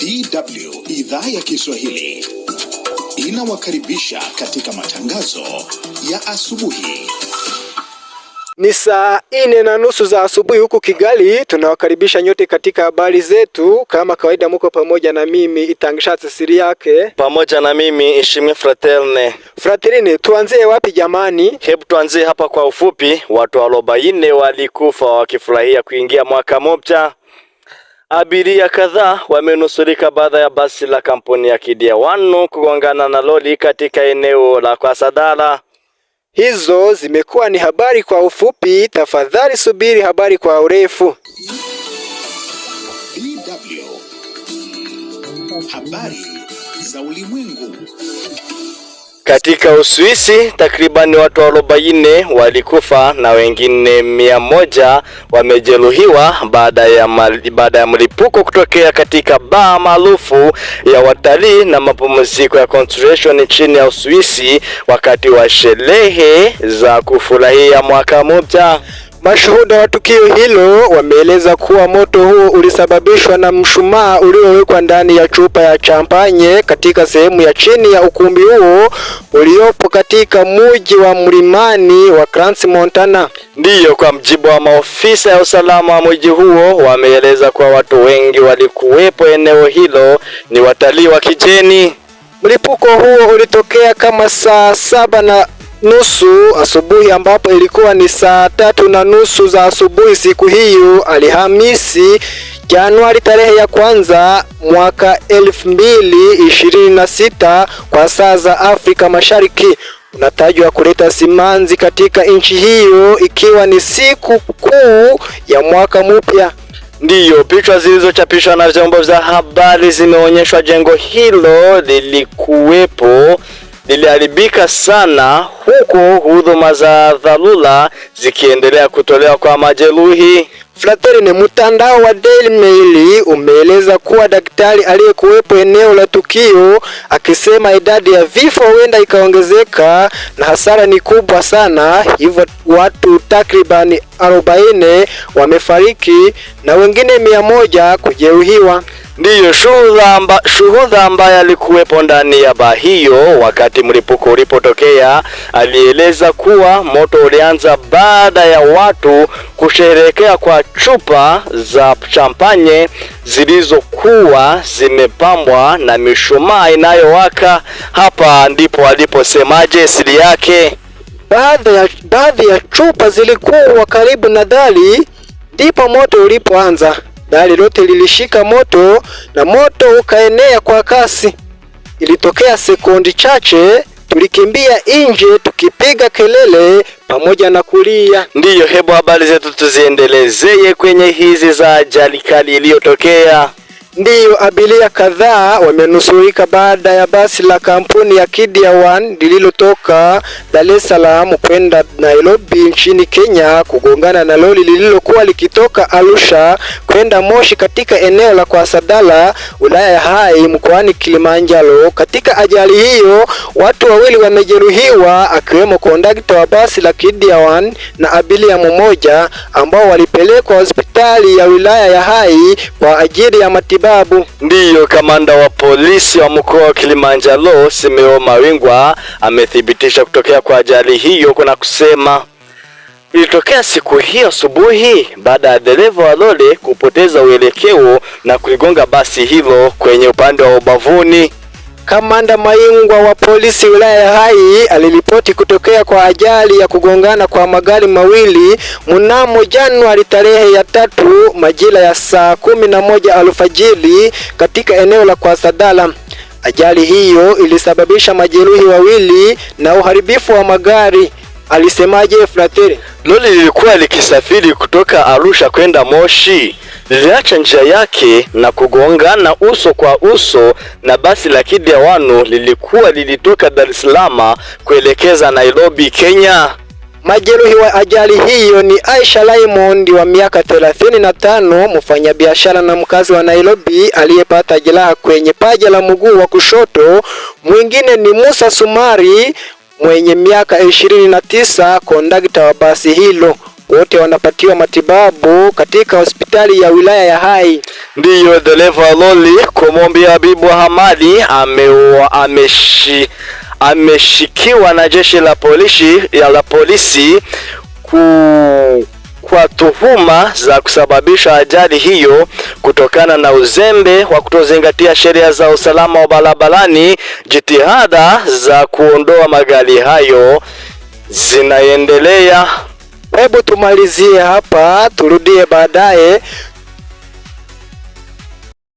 DW idhaa ya Kiswahili inawakaribisha katika matangazo ya asubuhi. Ni saa nne na nusu za asubuhi huku Kigali. Tunawakaribisha nyote katika habari zetu, kama kawaida muko pamoja na mimi Itangishatse siri yake, pamoja na mimi Ishimwe Fraterne. Fraterne, tuanzie wapi jamani? Hebu tuanzie hapa kwa ufupi. Watu arobaini walikufa wakifurahia kuingia mwaka mpya Abiria kadhaa wamenusurika baada ya basi la kampuni ya Kidia One kugongana na lori katika eneo la kwasadala Hizo zimekuwa ni habari kwa ufupi. Tafadhali subiri habari kwa urefu. DW, habari za ulimwengu. Katika Uswisi takriban watu arobaini walikufa na wengine mia moja wamejeruhiwa baada ya baada ya mlipuko kutokea katika baa maarufu ya watalii na mapumziko ya Constellation chini ya Uswisi wakati wa sherehe za kufurahia mwaka mpya. Mashuhuda wa tukio hilo wameeleza kuwa moto huo ulisababishwa na mshumaa uliowekwa ndani ya chupa ya champanye katika sehemu ya chini ya ukumbi huo uliopo katika mji wa mlimani wa Crans, Montana. Ndiyo, kwa mjibu wa maofisa ya usalama wa mji huo, wameeleza kuwa watu wengi walikuwepo eneo hilo ni watalii wa kigeni. Mlipuko huo ulitokea kama saa saba na nusu asubuhi ambapo ilikuwa ni saa tatu na nusu za asubuhi siku hiyo Alhamisi Januari tarehe ya kwanza mwaka elfu mbili ishirini na sita kwa saa za Afrika Mashariki unatajwa kuleta simanzi katika nchi hiyo ikiwa ni siku kuu ya mwaka mpya. Ndiyo, picha zilizochapishwa na vyombo vya habari zimeonyeshwa jengo hilo lilikuwepo liliharibika sana, huku huduma za dharura zikiendelea kutolewa kwa majeruhi. ni mtandao wa Daily Mail umeeleza kuwa daktari aliyekuwepo eneo la tukio akisema idadi ya vifo huenda ikaongezeka na hasara ni kubwa sana, hivyo watu takribani 40 wamefariki na wengine mia moja kujeruhiwa ndiyo shuhudha ambaye alikuwepo ndani ya baa hiyo wakati mlipuko ulipotokea. Alieleza kuwa moto ulianza baada ya watu kusherehekea kwa chupa za champanye zilizokuwa zimepambwa na mishumaa inayowaka. Hapa ndipo aliposemaje siri yake. Baadhi ya, baadhi ya chupa zilikuwa karibu na dari, ndipo moto ulipoanza dari lote lilishika moto na moto ukaenea kwa kasi. Ilitokea sekondi chache, tulikimbia nje tukipiga kelele pamoja na kulia. Ndiyo, hebu habari zetu tuziendelezeye kwenye hizi za ajali kali iliyotokea Ndiyo, abiria kadhaa wamenusurika baada ya basi la kampuni ya Kidia One lililotoka Dar es Salaam kwenda Nairobi nchini Kenya kugongana na lori lililokuwa likitoka Arusha kwenda Moshi katika eneo la Kwasadala, wilaya ya Hai, mkoani Kilimanjaro. Katika ajali hiyo, watu wawili wamejeruhiwa, akiwemo kondakta wa basi la Kidia One na abiria mmoja ambao walipelekwa hospitali ya wilaya ya Hai kwa ajili ya matibabu matibabu. Ndiyo kamanda wa polisi wa mkoa wa Kilimanjaro Simeo Mawingwa amethibitisha kutokea kwa ajali hiyo na kusema ilitokea siku hiyo asubuhi baada ya dereva wa lori kupoteza uelekeo na kuligonga basi hilo kwenye upande wa ubavuni. Kamanda Maingwa wa polisi wilaya ya Hai aliripoti kutokea kwa ajali ya kugongana kwa magari mawili mnamo Januari tarehe ya tatu majira ya saa kumi na moja alfajiri katika eneo la Kwasadala. Ajali hiyo ilisababisha majeruhi wawili na uharibifu wa magari. Alisemaje Frateri? Loli lilikuwa likisafiri kutoka Arusha kwenda Moshi, liliacha njia yake na kugongana uso kwa uso na basi la Kidiawanu lilikuwa lilitoka Dar es Salaam kuelekeza Nairobi, Kenya. Majeruhi wa ajali hiyo ni Aisha Raymond wa miaka 35, mfanyabiashara na mkazi wa Nairobi aliyepata jeraha kwenye paja la mguu wa kushoto. Mwingine ni Musa Sumari mwenye miaka ishirini na tisa, kondakta wa basi hilo. Wote wanapatiwa matibabu katika hospitali ya wilaya ya Hai. Ndiyo, dereva loli lori Komombi Habibu Hamadi ameshi ameshikiwa na jeshi la polisi ya la polisi ku kwa tuhuma za kusababisha ajali hiyo kutokana na uzembe wa kutozingatia sheria za usalama wa barabarani. Jitihada za kuondoa magari hayo zinaendelea. Hebu tumalizie hapa, turudie baadaye